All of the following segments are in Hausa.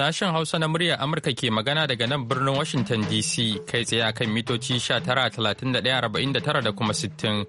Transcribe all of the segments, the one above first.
Sashen Hausa na muryar Amurka ke magana daga nan birnin Washington DC kai tsaye kan mitoci 19,31,49 da kuma 60.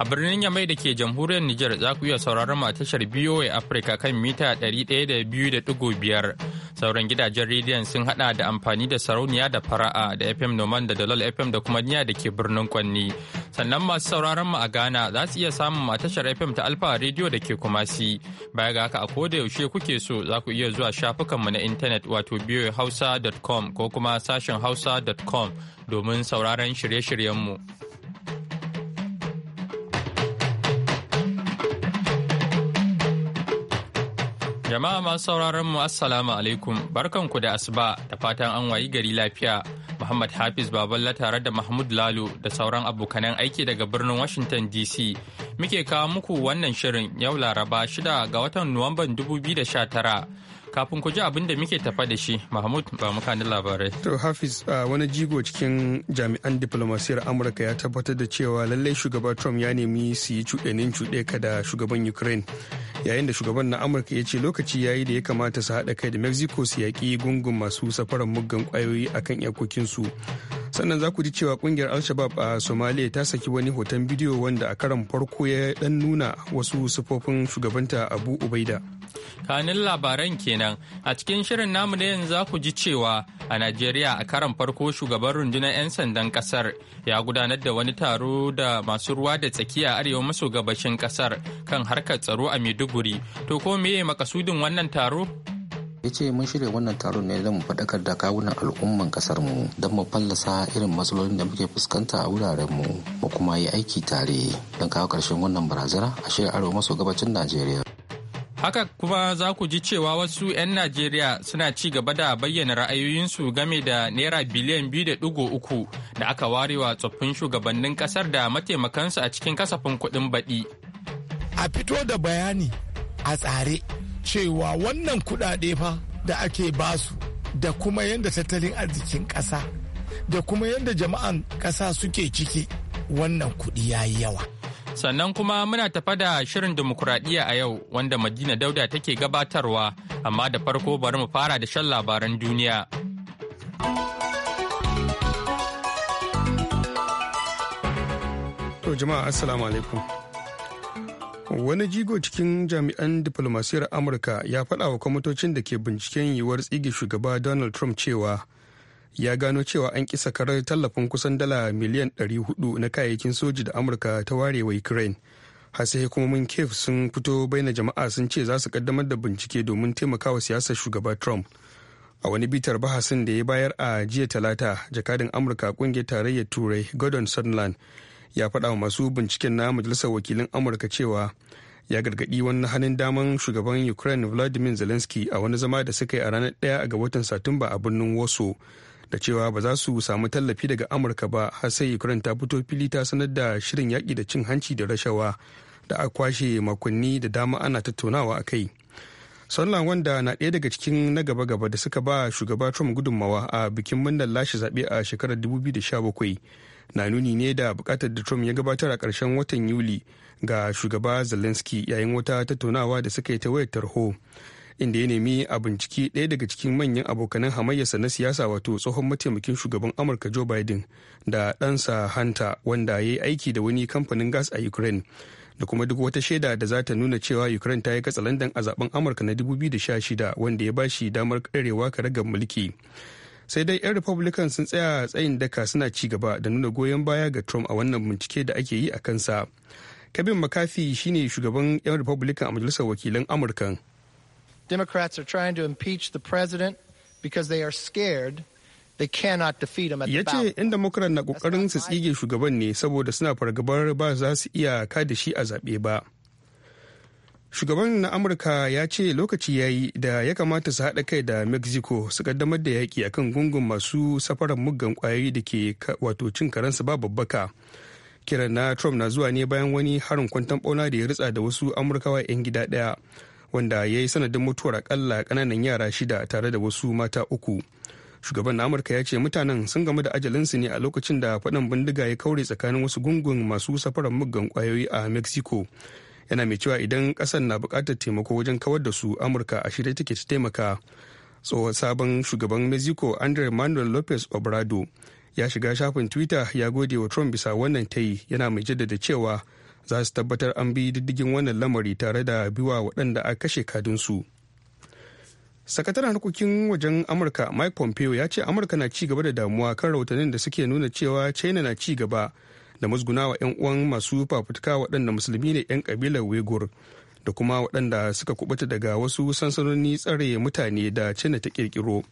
A birnin Yamai da ke jamhuriyar Nijar za ku iya sauraron mu a tashar BOA afirka kan mita 102.5. Sauran gidajen rediyon sun hada da amfani da sarauniya da fara'a da FM Noman da Dalal FM da kuma niya da ke birnin Kwanni. Sannan masu sauraron mu a Ghana za su iya samun a tashar FM ta Alfa Radio da ke Kumasi. Baya ga haka a koda yaushe kuke so za ku iya zuwa shafukanmu na intanet intanet wato hausa.com ko kuma sashen hausa.com domin sauraron shirye-shiryenmu. Jama'a masu sauraronmu Assalamu alaikum barkanku da asuba da fatan an wayi gari lafiya. Muhammad Hafiz Baballa tare da Mahmud Lalo da sauran abokanan aiki daga birnin Washington DC. Muke kawo muku wannan shirin yau Laraba shida ga watan Nuwamban 2019. kafin ku ji abin da muke tafa da shi mahmud ba mukanin labarai to hafiz wani jigo cikin jami'an diplomasiyar amurka ya tabbatar da cewa lallai shugaba trump ya nemi su yi cuɗanin cuɗe ka da shugaban ukraine yayin da shugaban na amurka ya ce lokaci ya yi da ya kamata su haɗa kai da mexico su yaƙi gungun masu safarar muggan ƙwayoyi a kan iyakokinsu sannan za ku ji cewa kungiyar al-shabab a somalia ta saki wani hoton bidiyo wanda a karan farko ya dan nuna wasu sufofin shugabanta abu ubaida kanin labaran kenan a cikin shirin namu na yanzu za ku ji cewa a najeriya a karan farko shugaban rundunar 'yan sandan kasar ya gudanar da wani taro da masu ruwa da tsakiya arewa maso gabashin kasar kan harkar tsaro a maiduguri maiduguri to ko meye makasudin wannan taro ya ce mun shirya wannan taron ne don mu faɗakar da kawunan al'umman kasar mu don mu fallasa irin matsalolin da muke fuskanta a wuraren mu mu kuma yi aiki tare don kawo ƙarshen wannan barazana a shirya arewa maso gabacin najeriya Haka kuma za ku ji cewa wasu 'yan Najeriya suna ci gaba da bayyana ra'ayoyinsu game da Naira biliyan biyu da aka warewa tsoffin shugabannin kasar da mataimakansu a cikin kasafin kuɗin baɗi. a fito da bayani a tsare cewa wannan kuɗaɗe fa da ake basu da kuma yadda tattalin arzikin ƙasa da kuma yadda jama'an ƙasa suke ciki wannan kuɗi ya yi yawa. Sannan kuma muna tafa da shirin demokuraɗiyya a yau wanda Madina Dauda take gabatarwa, amma da farko bari mu fara da shan labaran duniya. To jama'a Assalamu alaikum. wani jigo cikin jami'an diplomasiyar amurka ya faɗa wa kwamitocin da ke binciken yiwuwar tsige shugaba donald trump cewa ya gano cewa an kisa karar tallafin kusan dala miliyan 400 na kayayyakin soji da amurka ta ware wa ukraine hasai hukumomin kef sun fito baina jama'a sun ce za su kaddamar da bincike domin taimakawa siyasar shugaba trump a wani bitar bahasin da ya bayar a jiya talata jakadin amurka kungiyar tarayyar turai gordon sutherland ya faɗa wa masu binciken na majalisar wakilin amurka cewa ya gargaɗi wani hannun daman shugaban ukraine vladimir zelensky a wani zama da suka yi a ranar ɗaya ga watan satumba a birnin waso da cewa ba za su samu tallafi daga amurka ba har sai ukraine ta fito fili ta sanar da shirin yaƙi da cin hanci da rashawa da a kwashe makonni da dama ana tattaunawa a kai sallan wanda na ɗaya daga cikin na gaba-gaba da suka ba shugaba trump gudunmawa a bikin murnar lashe zaɓe a shekarar 2017 na nuni ne da bukatar da trump ya gabatar a karshen watan yuli ga shugaba zelensky yayin wata tattaunawa da suka yi ta wayar tarho inda ya nemi a binciki ɗaya daga cikin manyan abokanan hamayyarsa na siyasa wato tsohon mataimakin shugaban amurka joe biden da ɗansa hanta wanda ya yi aiki da wani kamfanin gas a ukraine da kuma duk wata shaida da za ta nuna cewa ukraine ta yi katsalandan a zaben amurka na 2016 wanda ya ba shi damar karewa ka ragar mulki sai dai 'yan republican sun tsaya tsayin daka suna ci gaba da nuna goyon baya ga trump a wannan bincike da ake yi a kansa kevin makafi shine shugaban 'yan republican a majalisar wakilan amurkan democrats are trying to impeach the president because they are scared ya ce 'yan democrat na kokarin su tsige shugaban ne saboda suna fargabar ba za su iya kada shi a zaɓe ba shugaban na amurka ya ce lokaci ya yi da ya kamata su haɗa kai da mexico su kaddamar da yaƙi akan gungun masu safarar muggan kwayoyi da ke wato cin karansu ba babbaka kiran na trump na zuwa ne bayan wani harin kwantan bauna da ya ritsa da wasu amurkawa 'yan gida ɗaya wanda ya yi sanadin mutuwar akalla kananan yara shida tare da wasu mata uku shugaban na amurka ya ce mutanen sun gamu da ajalinsu ne a lokacin da faɗan bindiga ya kaure tsakanin wasu gungun masu safarar muggan kwayoyi a mexico yana mai cewa idan kasan na bukatar taimako wajen kawar da su amurka a shirye take ta taimaka tsohon sabon shugaban mexico andre manuel lopez obrado ya shiga shafin twitter ya gode wa trump bisa wannan ta yi yana mai jaddada cewa za su tabbatar an bi diddigin wannan lamari tare da biwa waɗanda a kashe kadinsu sakataren harkokin wajen amurka mike pompeo ya ce amurka na ci gaba da damuwa kan rahotannin da suke nuna cewa china na ci gaba da musgunawa 'yan uwan masu fafutuka waɗanda musulmi ne 'yan kabilar uighur da kuma waɗanda suka kubuta daga wasu sansanoni tsare mutane da China ta kirkiro.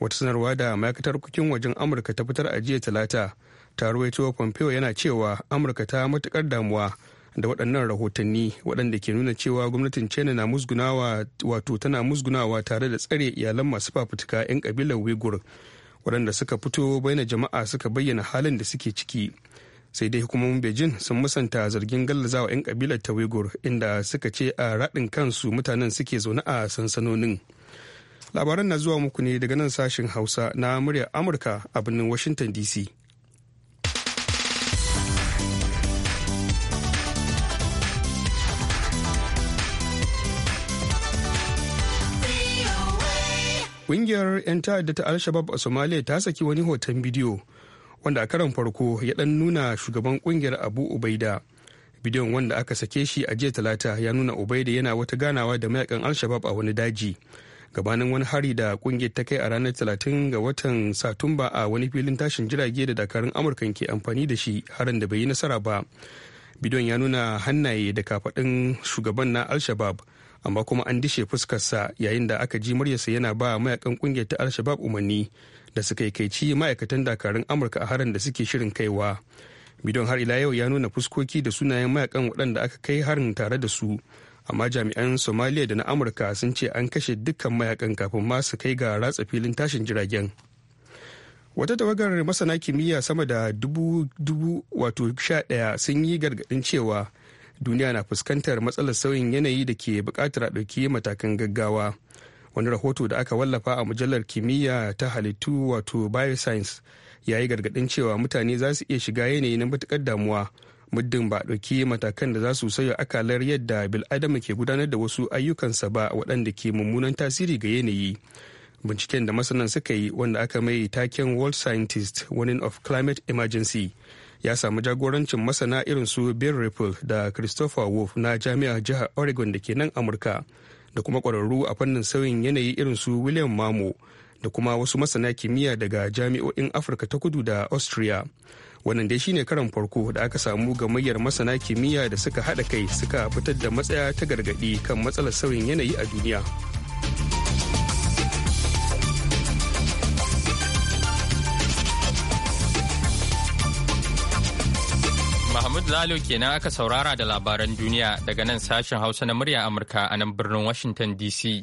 Wata sanarwa da ma'aikatar kukin wajen Amurka ta fitar a jiya Talata, ta ruwaito Pompeo yana cewa Amurka ta matukar damuwa da waɗannan rahotanni waɗanda ke nuna cewa gwamnatin China na musgunawa wato tana musgunawa tare da tsare iyalan masu fafutuka 'yan kabilar uighur waɗanda suka fito baina jama'a suka bayyana halin da suke ciki. sai dai hukumomin beijing sun musanta zargin gallazawa 'yan kabilar ta uyghur inda suka ce a raɗin kansu mutanen suke zaune a sansanonin labaran na zuwa muku ne daga nan sashen hausa na muryar amurka a birnin washington dc ƙungiyar 'yan ta'adda ta al-shabab a somalia ta saki wani hoton bidiyo wanda a karan farko ya dan nuna shugaban kungiyar abu ubaida bidiyon wanda aka sake shi a jiya talata ya nuna ubaida yana wata ganawa da mayakan alshabab a wani daji gabanin wani hari da kungiyar ta kai a ranar talatin ga watan satumba a wani filin tashin jirage da dakarun amurkan ke amfani da shi harin da bai yi nasara ba bidiyon ya nuna hannaye da kafaɗin shugaban na alshabab amma kuma an dishe fuskarsa yayin da aka ji muryarsa yana ba mayakan kungiyar ta alshabab umarni da suka kai ci ma'aikatan dakarun amurka a harin da suke shirin kaiwa bidon har ila yau ya nuna fuskoki da sunayen mayakan waɗanda aka kai harin tare da su amma jami'an somaliya da na amurka sun ce an kashe dukkan mayakan kafin ma su kai ga ratsa filin tashin jiragen wata tawagar masana kimiyya sama da dubu dubu wato sha ɗaya sun yi gargaɗin cewa duniya na fuskantar matsalar sauyin yanayi da ke buƙatar a ɗauki matakan gaggawa wani rahoto da aka wallafa a mujallar kimiyya ta halittu wato bioscience ya yi gargaɗin cewa mutane za su iya shiga yanayi na matuƙar damuwa muddin ba ɗauki matakan da za su sauya akalar yadda bil'adama ke gudanar da wasu ayyukansa ba waɗanda ke mummunan tasiri ga yanayi binciken da masanan suka yi wanda aka mai taken world scientist warning of climate emergency ya samu jagorancin masana irin su bill ripple da christopher wolf na jami'ar jihar oregon da ke nan amurka da kuma kwararru a fannin sauyin yanayi irin su william mamo da kuma wasu masana kimiyya daga jami'o'in afirka ta kudu da austria wannan dai shine karan farko da aka samu gamayyar masana kimiyya da suka haɗa kai suka fitar da matsaya ta gargaɗi kan matsalar sauyin yanayi a duniya. Mahmud Lalo kenan aka saurara da labaran duniya daga nan sashen Hausa na murya Amurka a nan birnin Washington DC.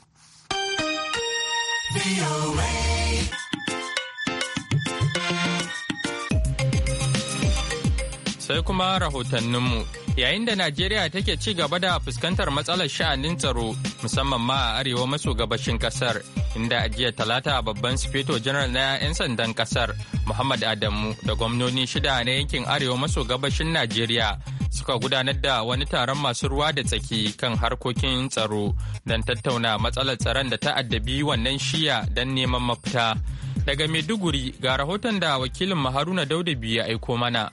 Sai kuma rahotanninmu yayin da Najeriya take ci gaba da fuskantar matsalar sha'anin tsaro musamman ma a arewa maso gabashin kasar inda a jiya talata babban sufeto janar na 'yan sandan kasar muhammad adamu da gwamnoni shida na yankin arewa maso gabashin najeriya suka gudanar da wani taron masu ruwa da tsaki kan harkokin tsaro don tattauna matsalar tsaron da ta addabi wannan shiya don neman mafita daga maiduguri ga rahoton da wakilin haruna dauda biyu ya aiko mana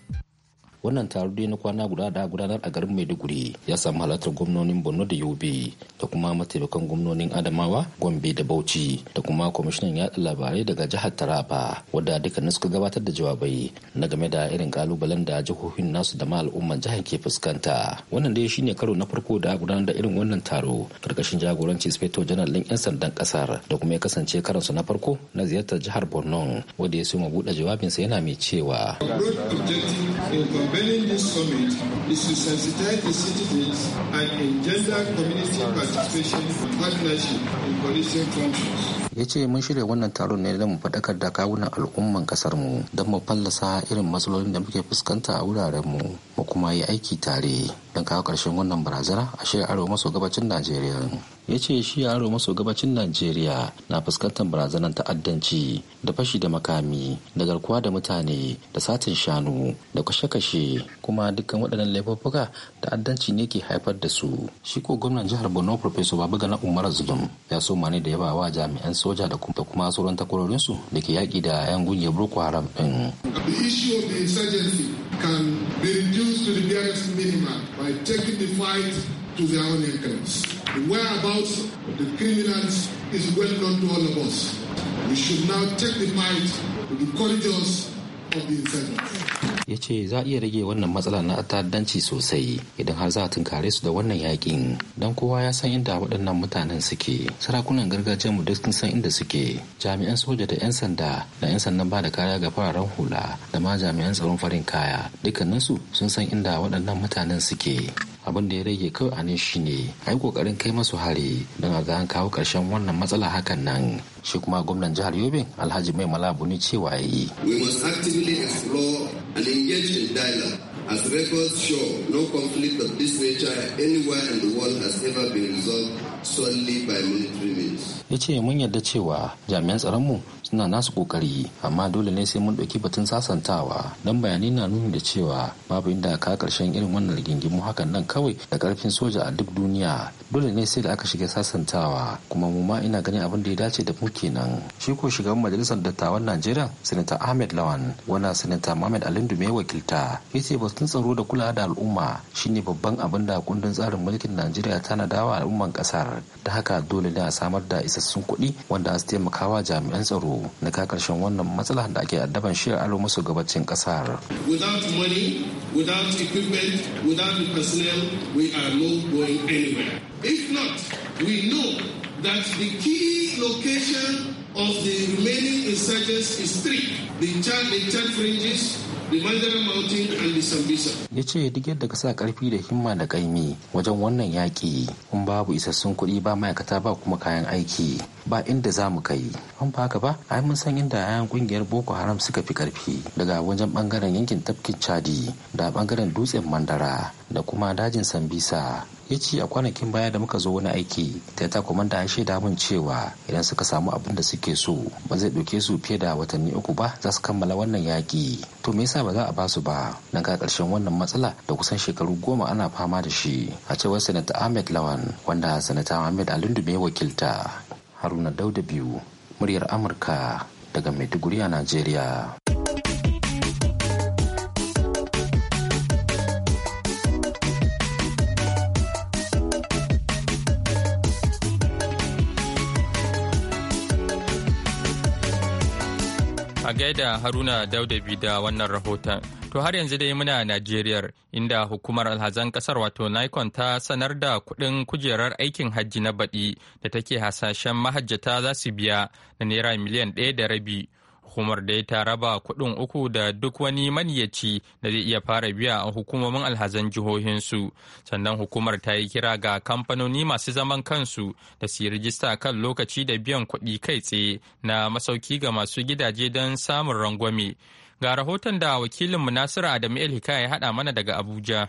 wannan taro dai na kwana guda da gudanar a garin maiduguri ya samu halartar gwamnonin borno da yobe da kuma mataimakan gwamnonin adamawa gombe da bauchi da kuma kwamishinan yaɗa labarai daga jihar taraba wadda dukkanin suka gabatar da jawabai na game da irin kalubalen da jihohin nasu da ma al'umman jihar ke fuskanta wannan dai shine karo na farko da gudanar da irin wannan taro karkashin jagoranci speto janar ɗin 'yan sandan ƙasar da kuma ya kasance karansu na farko na ziyartar jihar borno wanda ya so ma buɗe jawabinsa yana mai cewa Availing this summit is to sensitize the citizens and engender community participation and partnership in policing functions. ya ce mun shirya wannan taron ne don mu faɗakar da kawunan al'umman kasar mu don mu fallasa irin matsalolin da muke fuskanta a wuraren mu mu kuma yi aiki tare don kawo ƙarshen wannan barazana a shiyar arewa maso gabacin najeriya ya ce shi arewa maso gabacin najeriya na fuskantar barazanar ta'addanci da fashi da makami da garkuwa da mutane da satin shanu da kashe-kashe kuma dukkan waɗannan laifuffuka ta'addanci ne ke haifar da su shi ko gwamnan jihar borno professor na umar zulum ya so ma ne da yaba wa jami'an soja da kuma sauran takwarorinsu da ke yaƙi da 'yan gungiyar boko haram din. The issue of the insurgency can be reduced to the barest minimum by taking the fight to their own accounts, The whereabouts of the criminals is well known to all of us. We should now take the fight to the corridors ya ce za a iya rage wannan matsala na ta'addanci sosai idan har za a tunkare su da wannan yakin don kowa ya san inda waɗannan mutanen suke sarakunan gargajiyar mu duk san inda suke jami'an soja da 'yan sanda da 'yan sandan ba da kaya ga fararen hula da ma jami'an tsaron farin kaya dukkaninsu sun san inda waɗannan mutanen suke abin da ya rage kawai a nan ne. a yi kokarin kai masu hari don a ga an kawo karshen wannan matsala hakan nan shi kuma gwamnan jihar yobe alhaji mai malabu ne cewa ya yi we must actively explore and engage in As records show, no conflict of this nature anywhere in the world has ever been resolved solely by military means. Ya ce mun yarda cewa jami'an tsaronmu suna nasu kokari amma dole ne sai mun ɗauki batun sasantawa don bayani na nuni da cewa babu inda ka karshen irin wannan rigingimu hakan nan kawai da karfin soja a duk duniya dole ne sai da aka shiga sasantawa kuma mu ma ina ganin abin da ya dace da mu kenan shi ko shugaban majalisar dattawan najeriya senator ahmed lawan wana senator mohammed alindu mai wakilta ya ce batun tsaro da kula da al'umma shine babban abin da kundin tsarin mulkin najeriya tana dawa al'umman kasar da haka dole ne a samar da isassun kuɗi wanda su taimakawa jami'an tsaro na ka karshen wannan matsala da ake addaban shi a aro masu gabacin kasar. Without money, without equipment, without personnel, we are not going anywhere. If not, we know that the key location of the remaining insurgents is three. The Chad, the Chad fringes, ya ce duk yadda ka sa karfi da himma da ƙaimi wajen wannan yaƙi in babu isassun kuɗi ba ma'aikata ba kuma kayan aiki ba inda za mu kai an ba haka ba ai mun san inda yayan ƙungiyar boko haram suka fi karfi daga wajen ɓangaren yankin tafkin chadi da ɓangaren dutsen mandara da kuma dajin sambisa ya ce a kwanakin baya da muka zo wani aiki ta ta kwamanda an shaida mun cewa idan suka samu abin da suke so ba zai ɗauke su fiye da watanni uku ba za su kammala wannan yaƙi to me yasa ba za a ba su ba nan ga ƙarshen wannan matsala da kusan shekaru goma ana fama da shi a cewar sanata ahmed lawan wanda sanata ahmed alindu mai wakilta haruna dauda biyu muryar amurka daga maiduguri a najeriya gaida Haruna Daudabi da wannan rahoton. To har yanzu dai muna Najeriya inda hukumar alhazan kasar wato Nikon ta sanar da kuɗin kujerar aikin hajji na baɗi da take hasashen mahajjata za su biya na naira miliyan ɗaya da rabi hukumar da ta raba kuɗin uku da duk wani maniyaci da zai iya fara biya a hukumomin alhazan jihohinsu sannan hukumar ta yi kira ga kamfanoni masu zaman kansu da su yi rijista kan lokaci da biyan kuɗi kai tsaye na masauki ga masu gidaje don samun rangwame ga rahoton da wakilinmu nasiru adamu el hikaya ya haɗa mana daga abuja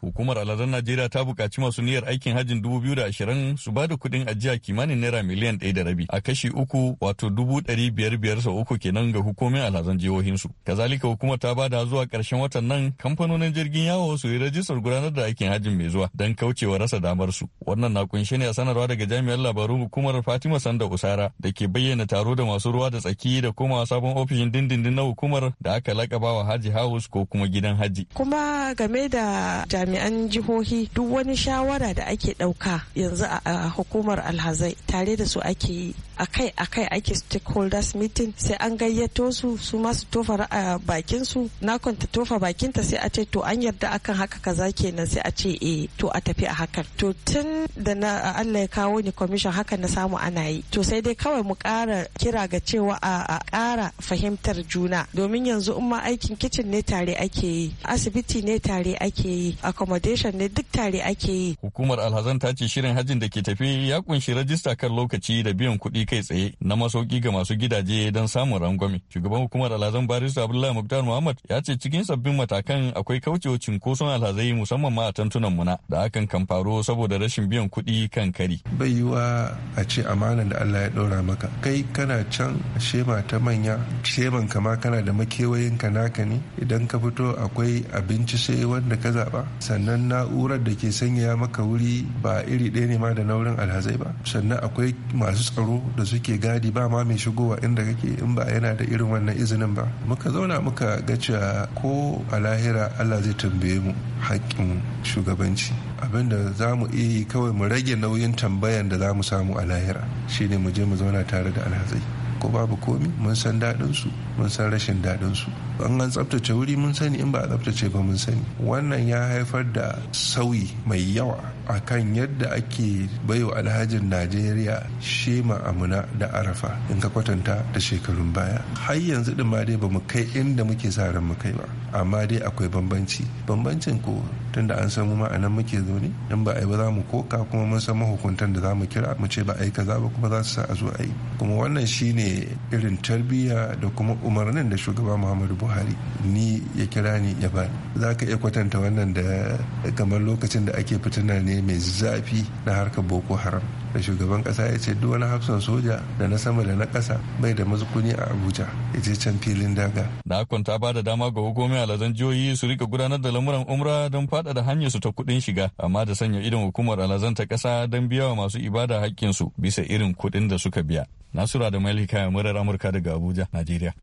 Hukumar Alhazan Najeriya ta buƙaci masu niyyar aikin hajjin 2020 su ba da kuɗin ajiya kimanin naira miliyan ɗaya da rabi a kashi uku wato dubu ɗari biyar biyar sau uku kenan ga hukumin alhazan jihohinsu. Kazalika hukumar ta ba da zuwa ƙarshen watan nan kamfanonin jirgin yawo su yi rajistar gudanar da aikin hajjin mai zuwa don kaucewa rasa damar su. Wannan na kunshe ne a sanarwa daga jami'an labarun hukumar Fatima Sanda Usara da ke bayyana taro da masu ruwa da tsaki da komawa sabon ofishin dindindin na hukumar da aka lakabawa Haji House ko kuma gidan Haji. Kuma game da jami'an jihohi duk wani shawara da ake ɗauka yanzu a hukumar alhazai tare da su ake yi akai akai ake stakeholders meeting sai an gayyato su su masu tofa bakin su na kwanta tofa bakinta sai a ce to an yarda akan haka kaza kenan sai a ce eh to a tafi a hakan to tun da na Allah ya kawo ni commission haka na samu ana yi to sai dai kawai mu ƙara kira ga cewa a ƙara fahimtar juna domin yanzu in ma aikin kicin ne tare ake yi asibiti ne tare ake yi a accommodation ne duk tare ake yi. Hukumar alhazan ta ce shirin hajjin da ke tafi ya kunshi rajista kan lokaci da biyan kuɗi kai tsaye na masauki ga masu gidaje don samun rangwame. Shugaban hukumar alhazan barista Abdullahi Muktar Muhammad ya ce cikin sabbin matakan akwai kaucewa cinkoson alhazai musamman ma a tantunan muna da hakan kan faru saboda rashin biyan kuɗi kan kari. Bai yiwa a ce amanan da Allah ya ɗora maka. Kai kana can shema ta manya, sheman kama kana da makewayin ka naka ne idan ka fito akwai abinci sai wanda ka zaɓa. sannan na'urar da ke sanyaya maka wuri ba iri ɗaya ne ma da naurin alhazai ba sannan akwai masu tsaro da suke gadi ba ma mai shigowa inda kake in ba yana da irin wannan izinin ba muka zauna muka ga cewa ko a lahira allah zai tambaye mu haƙƙin shugabanci abinda za mu iya yi kawai mu rage nauyin tambayan da za mu samu a lahira shine mu je mu zauna tare da alhazai ko babu komi mun san daɗinsu mun san rashin daɗinsu an an tsabtace wuri mun sani in ba a tsabtace ba mun sani wannan ya haifar da sauyi mai yawa a kan yadda ake baiwa alhajin najeriya shema amuna da arafa in ka kwatanta da shekarun baya har yanzu din ma dai ba mu kai inda muke sa ran mu kai ba amma dai akwai bambanci bambancin ko tunda an san mu ma anan muke ne in ba a yi ba za mu koka kuma mun san mahukuntan da za mu kira mu ce ba a yi kaza ba kuma za su sa a zo a kuma wannan shine irin tarbiyya da kuma umarnin da shugaba muhammadu buhari buhari ni ya kira ni ya bani za ka iya kwatanta wannan da kamar lokacin da ake fitina ne mai zafi na harkar boko haram da shugaban kasa ya ce duk wani hafsan soja da na sama da na kasa bai da mazukuni a abuja ya je can filin daga na kwanta ta bada dama ga hukumomi aladen jihohi su rika gudanar da lamuran umra don fadada hanyar su ta kudin shiga amma da sanya idon hukumar alazan ta kasa don biya wa masu ibada hakkin su bisa irin kudin da suka biya nasura da malika murar amurka daga abuja najeriya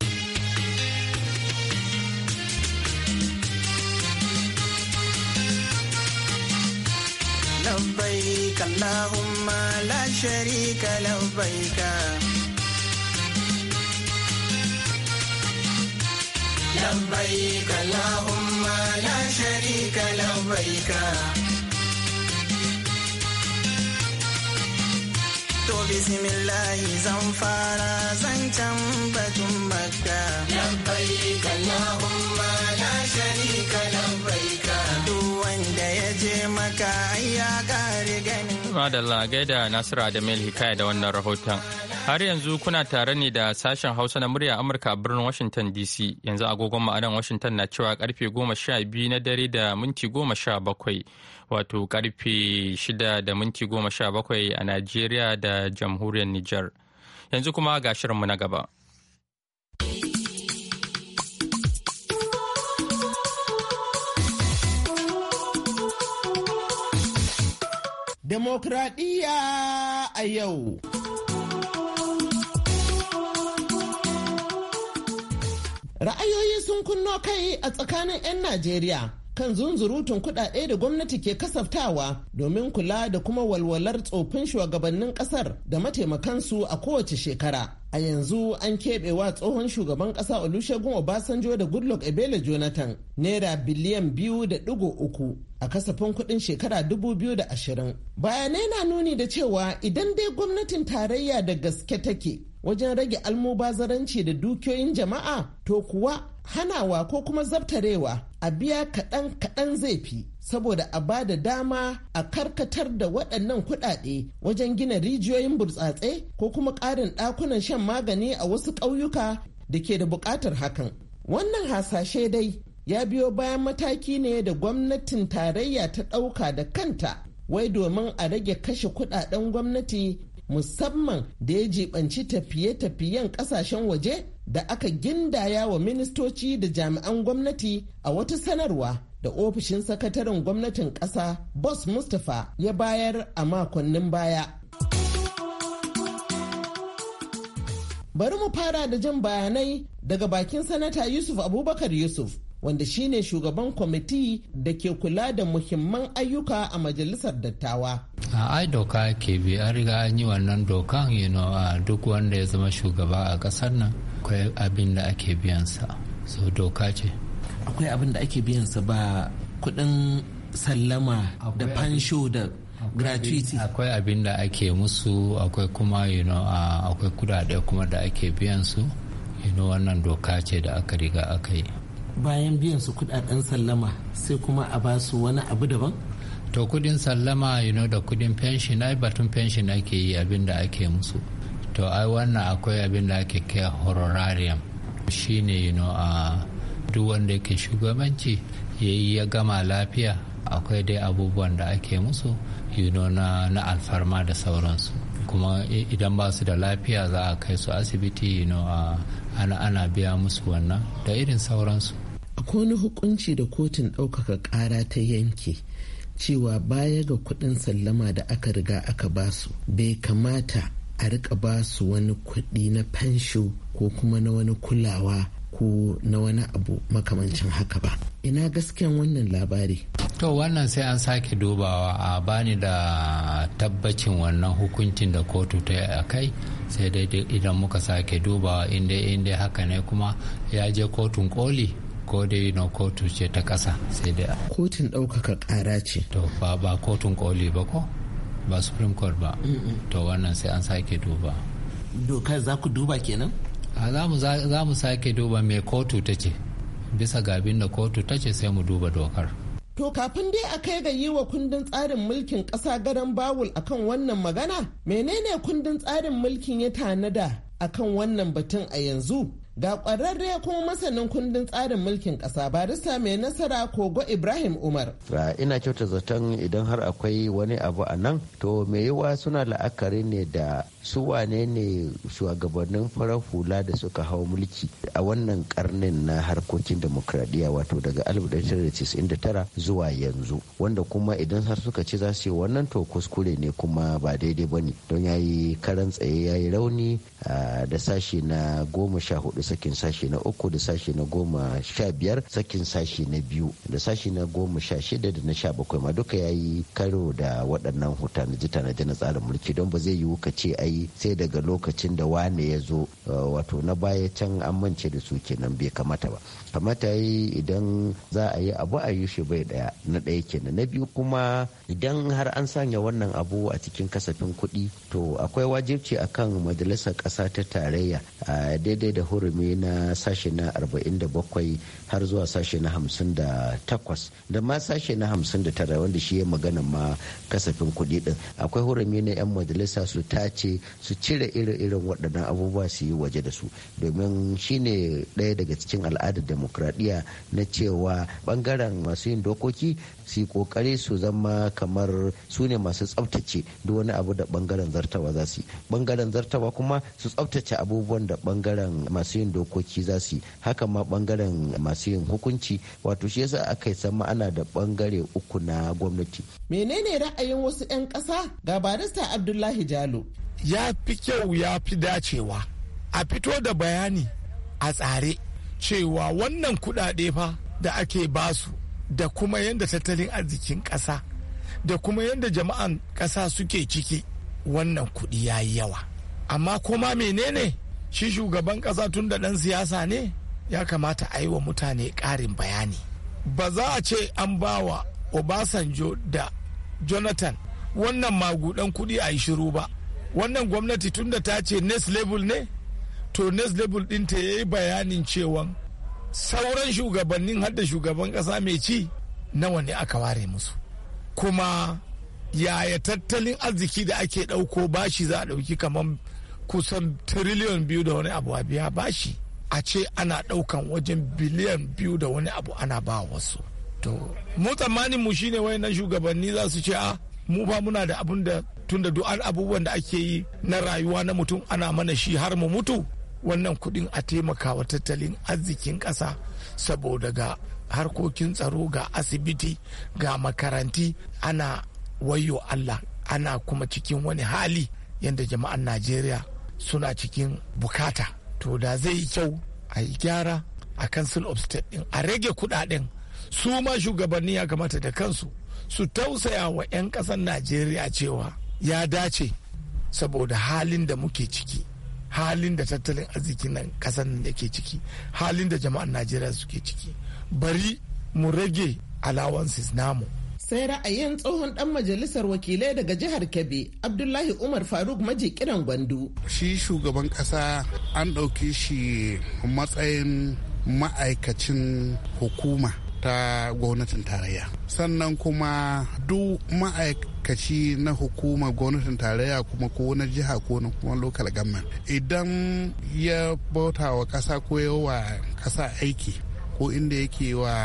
Lahoma la shari ka labaika. Labai ka lahuma la shari ka labaika. To bisimilahi zan fara zan canza tun baka. Labai ka lahuma la shari ka Madalla gaida Nasiru Adamil Hikaya da wannan rahoton. Har yanzu kuna tare ne da sashen Hausa na murya Amurka a birnin Washington DC. Yanzu agogon ma'anan Washington na cewa karfe goma sha biyu na dare da minti goma Wato karfe 6 da minti goma sha bakwai a Najeriya da jamhuriyar niger Yanzu kuma ga shirinmu na gaba. Demokradiyya a yau. Ra'ayoyi sun kunno kai a tsakanin 'yan Najeriya kan zunzurutun kuɗaɗe da gwamnati ke kasaftawa domin kula da kuma walwalar tsofin shugabannin ƙasar da mataimakansu a kowace shekara. a yanzu an keɓe wa tsohon shugaban ƙasa olusegun obasanjo da goodluck ebele jonathan naira biliyan biyu da ɗigo uku a kasafin kuɗin shekara dubu biyu da ashirin bayanai na nuni da cewa idan dai gwamnatin tarayya da gaske take wajen rage almubazaranci da dukiyoyin jama'a to kuwa hanawa ko kuma zabtarewa a biya kaɗan kaɗan zai fi saboda a ba da dama a karkatar da waɗannan kuɗaɗe wajen gina rijiyoyin burtsatse ko kuma ƙarin ɗakunan shan magani a wasu ƙauyuka da ke da buƙatar hakan wannan hasashe dai ya biyo bayan mataki ne da gwamnatin tarayya ta ɗauka da kanta wai domin a rage kashe kuɗaɗen gwamnati musamman da ya jibanci tafiye-tafiyen kasashen waje da aka gindaya wa ministoci da jami'an gwamnati a wata sanarwa da ofishin sakataren gwamnatin ƙasa Bos Mustapha ya bayar a makonnin baya. Bari mu fara da jan bayanai daga bakin sanata Yusuf Abubakar Yusuf wanda shine shugaban kwamiti da ke kula da muhimman ayyuka a majalisar dattawa. a ai doka ke bi an riga an yi wannan dokan yi a duk wanda ya zama shugaba a kasar nan akwai abin da ake biyansa so doka ce akwai abin da ake biyansa ba kudin sallama da fansho da gratuity akwai abin da ake musu akwai kuma yi akwai kudade kuma da ake biyansu yi wannan doka ce da aka riga aka yi bayan biyan su kudaden sallama sai kuma a ba su wani abu daban to kudin sallama you know, da kudin pension ai batun pension ake yi abin da ake musu to ai wannan akwai abin da ake kai horarium shine you know, a duk wanda ke shugabanci ya yi ya gama lafiya akwai dai abubuwan da ake musu you know, na, alfarma da sauransu kuma idan ba su da lafiya za a kai su asibiti you know, ana, ana biya musu wannan da irin sauransu akwai wani hukunci da kotun ɗaukaka ƙara ta yanke cewa baya ga kuɗin sallama da aka riga aka basu bai kamata a rika basu wani kuɗi na fansho ko kuma na wani kulawa ko na wani abu makamancin haka ba ina gaskiyan wannan labari to wannan sai an sake dubawa a bani da tabbacin wannan hukuncin da kotu ta yi a kai sai dai idan muka sake dubawa inda inda haka ne kuma ya je kotun koli ko dai na kotu ce ta ƙasa sai dai kotun ɗaukaka ƙara ce to ba ba kotun koli ba ko ba supreme court ba to wannan sai an sake duba dokar za ku duba kenan za mu sake duba mai kotu ta ce bisa ga abin da kotu ta ce sai mu duba dokar To kafin dai a kai ga yi wa kundin tsarin mulkin ƙasa garan bawul akan wannan magana, menene kundin tsarin mulkin ya tanada akan wannan batun a yanzu? da ƙwararre kuma masanin kundin tsarin mulkin ƙasa barista mai nasara kogo Ibrahim Umar. Ina kyauta zaton idan har akwai wani abu a nan to mai yiwa suna la'akari ne da su wane ne shugabannin farar hula da suka hau mulki a wannan karnin na harkokin demokradiyya wato daga 1999 zuwa yanzu wanda kuma idan har suka ci za su yi wannan to kuskure ne kuma ba daidai ba ne don ya yi karan tsaye ya yi rauni da sashi na goma sha hudu sakin sashi na uku da sashi na goma sha biyar sakin sashi na biyu da sashi na goma sha shida da na sha bakwai ma duka ya yi karo da waɗannan ji tanaji na tsarin mulki don ba zai yiwu ka ce ai sai daga lokacin da wane ya zo uh, wato na baya can an mance da su kenan bai kamata ba kamata yi idan za a yi abu a yi shi bai ɗaya na ɗaya kenan na biyu kuma idan har an sanya wannan abu a cikin kasafin kuɗi to akwai wajibci akan majalisar ƙasa ta tarayya a uh, daidai da hurumi ilimi na sashe na 47 har zuwa sashe na 58 da ma sashe na 59 wanda shi ya magana ma kasafin kuɗi din akwai hurumi na 'yan majalisa su tace su cire irin irin waɗannan abubuwa su yi waje da su domin shi ne ɗaya daga cikin al'adar demokradiyya na cewa ɓangaren masu yin dokoki su yi kokari su zama kamar su ne masu tsabtace duk wani abu da bangaren zartawa za su yi bangaren zartawa kuma su tsabtace abubuwan da bangaren masu yin dokoki za su yi haka ma bangaren masu yin hukunci wato shi yasa aka yi sama ana da bangare uku na gwamnati menene ra'ayin wasu 'yan ƙasa ga barista abdullahi jalo ya fi kyau ya fi dacewa a fito da bayani a tsare cewa wannan kuɗaɗe fa da ake basu da kuma yadda tattalin arzikin ƙasa da kuma yadda jama'an ƙasa suke ciki wannan kuɗi ya yi yawa amma kuma menene shi shugaban ƙasa tun da ɗan siyasa ne ya kamata a yi wa mutane ƙarin bayani ba za a ce an ba wa obasanjo da jonathan wannan magudan kuɗi a yi shiru ba wannan gwamnati tun da ta ce next level ne to next level ɗinta ya yi bayanin cewa sauran shugabannin hadda shugaban kasa mai ci nawa ne aka ware musu kuma yaya tattalin arziki da ake ɗauko bashi za a ɗauki kamar kusan triliyon biyu da wani abu a biya bashi a ce ana ɗaukan wajen biliyan biyu da wani abu ana ba wasu to mu tsammanin mu shine wayannan shugabanni za su ce a ah, mu ba muna da abun da tun da duk abubuwan da ake yi na rayuwa na mutum ana mana shi har mu mutu wannan kudin a taimakawa tattalin arzikin ƙasa saboda ga harkokin tsaro ga asibiti ga makaranti ana wayo Allah ana kuma cikin wani hali yadda jama'an Najeriya suna cikin bukata to da zai yi kyau a yi gyara a council of state din a rage kudaden su ma shugabanni ya kamata da kansu su tausaya wa 'yan ƙasar Najeriya cewa ya dace saboda halin da muke ciki halin da tattalin arzikin nan kasan da ke ciki halin da jama'an najeriya suke ciki bari mu rage allowances namu sai ra'ayin tsohon dan majalisar wakilai daga jihar kebbi abdullahi umar faruk maji kiran gwandu shi shugaban kasa an ɗauki shi matsayin ma'aikacin hukuma ta gwamnatin tarayya sannan kuma duk ma'aikaci na hukumar gwamnatin tarayya kuma ko na jiha ko na kuma local government idan ya bauta wa ƙasa ko wa ƙasa aiki ko inda yake wa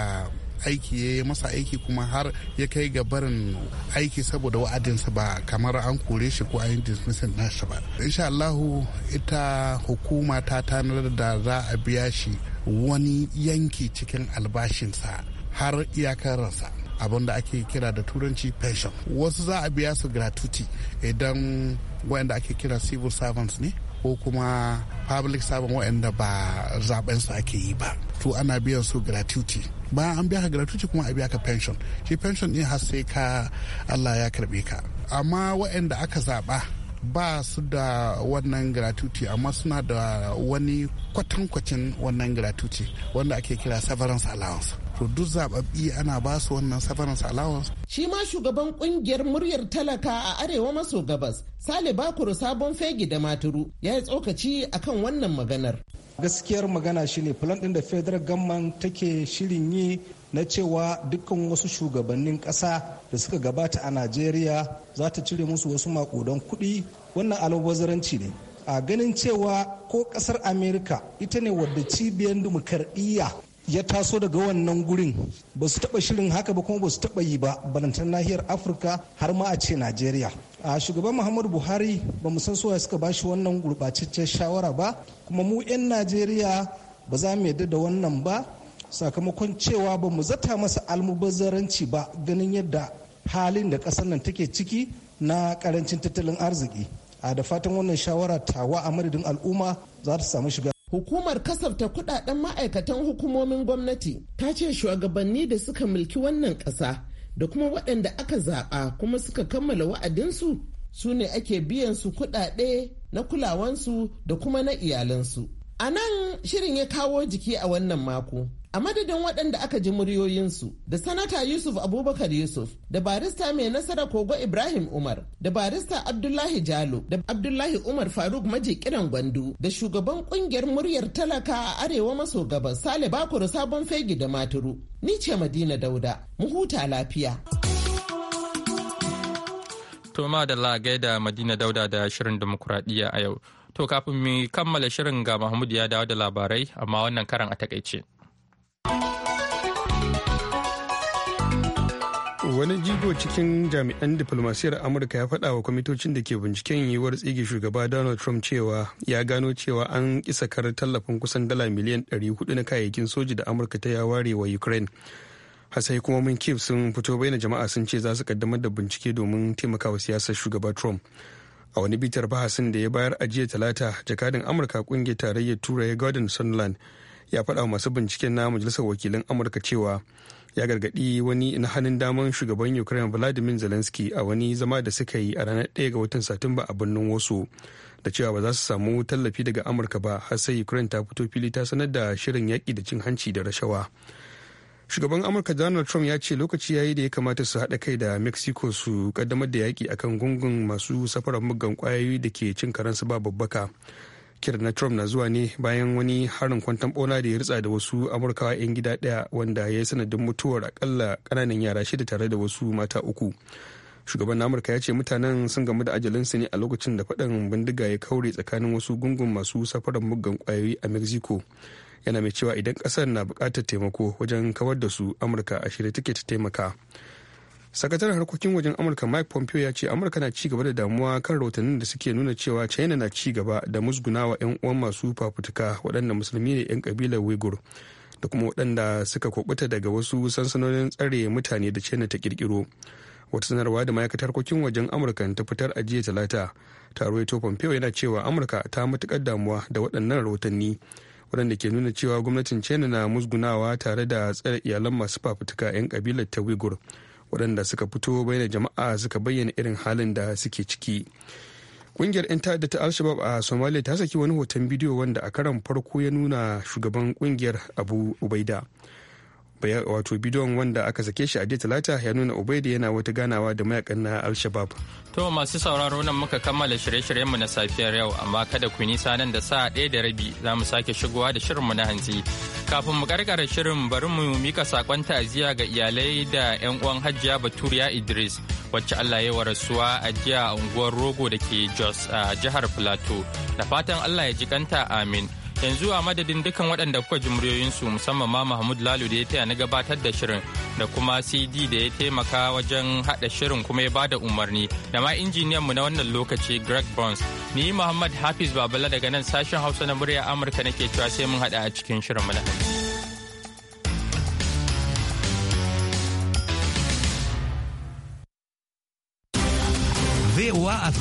aiki ya yi masa aiki kuma har ya kai ga barin aiki saboda wa'adinsa ba kamar an kore shi ko an dismissal nashi ba insha Allahu ita hukuma ta tanar da za a biya shi wani yanki cikin albashinsa har iyakar ransa abin da ake kira da turanci pension wasu za a biya su gratuity idan wayanda ake kira civil servants ne ko kuma public servant wayanda ba zaben su ake yi ba to ana biyan su gratuity ba an biya ka gratuity kuma a biya ka pension shi pension din har sai ka Allah ya karbe ka amma wayanda aka zaba ba su da wannan gratuity amma suna da wani kwatankwacin wannan gratuity wanda ake kira severance allowance to duk zababbi ana ba su wannan severance allowance shi ma shugaban kungiyar muryar talaka a arewa maso gabas sale bakuru sabon fegi da maturu ya yi tsokaci akan wannan maganar gaskiyar magana shine plan din da federal government take shirin yi na cewa dukkan wasu shugabannin ƙasa da suka gabata a najeriya za ta cire musu wasu makudan kuɗi wannan alwazaranci ne a ganin cewa ko ƙasar amerika ita ne wadda cibiyar dimokuraɗiyya ya taso daga wannan gurin ba su taba shirin haka ba kuma ba su taba yi ba balantar nahiyar afirka har ma a ce najeriya a shugaban muhammadu buhari ba mu san soya suka bashi wannan gurɓataccen shawara ba kuma mu 'yan najeriya ba za mu yadda da wannan ba sakamakon cewa ba mu zata masa almubazzaranci ba ganin yadda halin da ƙasar nan take ciki na karancin tattalin arziki a da fatan wannan shawara tawa a madadin al'umma za ta samu shiga Hukumar kasafta kudaden ma'aikatan hukumomin gwamnati ta ce shugabanni da suka mulki wannan ƙasa da kuma waɗanda aka zaɓa kuma suka kammala wa'adinsu su ne ake biyan su kuɗaɗe na kulawansu da kuma na iyalansu. A nan shirin ya kawo jiki a wannan mako. a madadin waɗanda aka ji muryoyinsu da sanata yusuf abubakar yusuf da barista mai nasara kogo ibrahim umar da barista abdullahi jalo da abdullahi umar faruk maji kiran gwandu da shugaban ƙungiyar muryar talaka a arewa maso gabas sale bakuru sabon fegi da maturu ni ce madina dauda mu huta lafiya to da gaida madina dauda da shirin demokuraɗiyya a yau to kafin mu kammala shirin ga mahmud ya dawo da labarai amma wannan karan a takaice wani jigo cikin jami'an diplomasiyar amurka ya faɗa wa kwamitocin da ke binciken yiwuwar tsige shugaba donald trump cewa ya gano cewa an isa kar tallafin kusan dala miliyan 400 na kayayyakin soji da amurka ta ya ware wa ukraine hasai kuma mun kif sun fito bayyana jama'a sun ce za su kaddamar da bincike domin taimakawa siyasar shugaba trump a wani bitar bahasin da ya bayar a jiya talata jakadin amurka kungiyar tarayyar turai gordon sunland ya faɗa masu binciken na majalisar wakilan amurka cewa ya gargaɗi wani na hannun daman shugaban ukraine vladimir zelensky a wani zama da suka yi a ranar 1 ga watan satumba a birnin wasu da cewa ba za su samu tallafi daga amurka ba har sai ukraine ta fito fili ta sanar da shirin yaƙi da cin hanci da rashawa shugaban amurka donald trump ya ce lokaci ya yi da ya kamata su haɗa kai da mexico su kaddamar da yaƙi akan gungun masu safarar muggan kwayoyi da ke cin karansu ba babbaka kir na trump na zuwa ne bayan wani harin kwantan bona da ya ritsa da wasu amurkawa 'yan gida daya wanda ya yi sanadin mutuwar akalla kananan yara shida tare da wasu mata uku shugaban amurka ya ce mutanen sun gamu da ajalinsu ne a lokacin da faɗin bindiga ya kaure tsakanin wasu gungun masu safarar muggan kwayoyi a mexico yana mai cewa idan ƙasar na buƙatar taimako wajen kawar da su amurka a shirye take ta taimaka sakataren harkokin wajen amurka mike pompeo ya ce amurka na ci gaba da damuwa kan rahotannin da suke nuna cewa china na ci gaba da musgunawa 'yan uwan masu fafutuka waɗanda musulmi ne 'yan kabilar uighur da kuma waɗanda suka kubuta daga wasu sansanonin tsare mutane da china ta kirkiro wata sanarwa da ma'aikatar harkokin wajen amurka ta fitar a jiya talata taro ya pompeo yana cewa amurka ta matukar damuwa da waɗannan rahotanni waɗanda ke nuna cewa gwamnatin china na musgunawa tare da tsare iyalan masu fafutuka 'yan kabilar ta uighur waɗanda suka fito bai da jama'a suka bayyana irin halin da suke ciki ƙungiyar 'yan ta'adda ta alshabab a somalia ta saki wani hoton bidiyo wanda a karan farko ya nuna shugaban ƙungiyar abu ubaida wato bidiyon wanda aka sake shi a jiya talata ya nuna ubaida yana wata ganawa da mayakan na alshabab to masu sauraro nan muka kammala shirye-shiryenmu na safiyar yau amma kada ku nisa nan da sa ɗaya da rabi za mu sake shigowa da shirinmu na hantsi kafin mu karkara shirin bari mu mika sakon ta'aziyya ga iyalai da 'yan uwan hajjiya baturiya idris wacce allah ya wa rasuwa a jiya a unguwar rogo da ke jos a jihar plateau da fatan allah ya ji kanta amin yanzu a madadin dukan waɗanda kuka ji muryoyinsu musamman ma mahmud lalu da ya taya na gabatar da shirin da kuma cd da ya taimaka wajen haɗa shirin kuma ya ba da umarni da ma injiniyan mu na wannan lokaci greg burns ni muhammad hafiz babala daga nan sashen hausa na murya amurka nake cewa sai mun haɗa a cikin shirin mu na